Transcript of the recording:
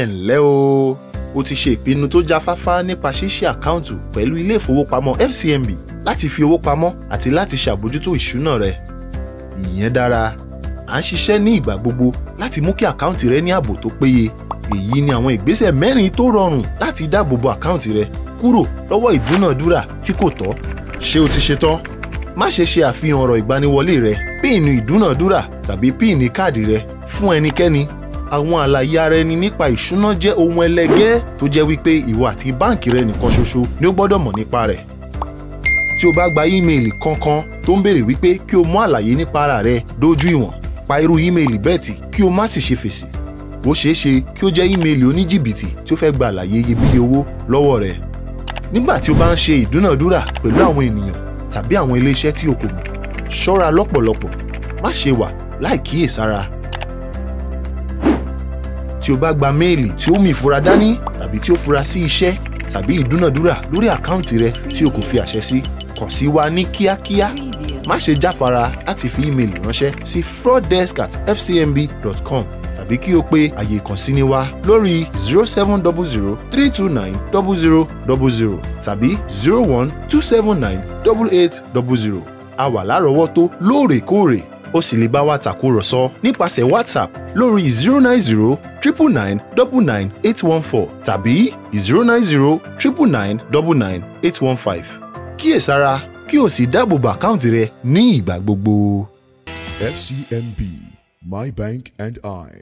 ẹ ǹlẹ́ o o ti ṣe ìpinnu tó jáfáfá nípa ṣíṣí àkáǹtù pẹ̀lú ilé ìfowópamọ́ fcmb e láti fi owó pamọ́ àti láti ṣàbójútó ìṣúná rẹ ìyẹn dára à ń ṣiṣẹ́ ní ìgbà gbogbo láti mú kí àkáǹtì rẹ ní ààbò tó péye èyí ni àwọn ìgbésẹ̀ mẹ́rin tó rọrùn láti dáàbò bo àkáǹtì rẹ kúrò lọ́wọ́ ìdúnàdúrà tí kò tọ́ ṣé o ti ṣetán má ṣe ṣe àfihàn ọ̀rọ̀ ìgbaniwọlé rẹ píìnì ìdúnàdúrà tàbí píìnì káàdì rẹ fún ẹnikẹ́ni àwọn àlàyé ara ẹni nípa ìṣúná jẹ́ ohun ẹlẹgẹ́ tó jẹ́ wípé ìwọ àti báǹkì rẹ nìkan ṣoṣo ni ó gbọ́dọ̀ mọ̀ nípa rẹ̀ tí o bá gba ímeèlì kankan tó ń béèrè wípé kí o mú àlàyé nípa ara rẹ dójú ìwọ̀n pa irú ímeèlì bẹ́ẹ̀ tì kí o má sì ṣe fèsì ó ṣeé ṣe kí ó jẹ́ ímeèlì oníjìbìtì tí ó fẹ́ gba àlàyé iyebíye owó lọ́wọ́ rẹ nígbà tí o bá ń ṣe ìdúnàdúrà pẹ̀lú àwọn ènìyàn tàbí àwọn iléeṣẹ́ tí o kò mọ̀ ṣọ́ra lọ́pọ̀lọpọ̀ má ṣe wà láì kíyèsára tí o bá gba méèlì tí ó mi ìfura dání tàbí tí ó fura sí iṣẹ́ tàbí ìdúnàdúrà lórí àkáǹtì rẹ tí o kò fi àṣẹ sí kàn sí wa ní kíákíá má ṣe jáfara láti fi ímeèlì ránṣẹ́ sí frauddesk at fcmb.com tàbí kí o pe àyè ìkànsíni wa lórí zero seven double zero three two nine double zero double zero tàbí zero one two seven nine double eight double zero a wà lárọ̀ọ́wọ́tó lóòrèkóòrè o sì lè bá wa tàkúrọ̀sọ nípasẹ̀ whatsapp lórí zero nine zero triple nine double nine eight one four tàbí zero nine zero triple nine double nine eight one five. kíyèsára kí o sì dáàbò bo àkáǹtì rẹ ní ìgbà gbogbo. FCMB My Bank and I.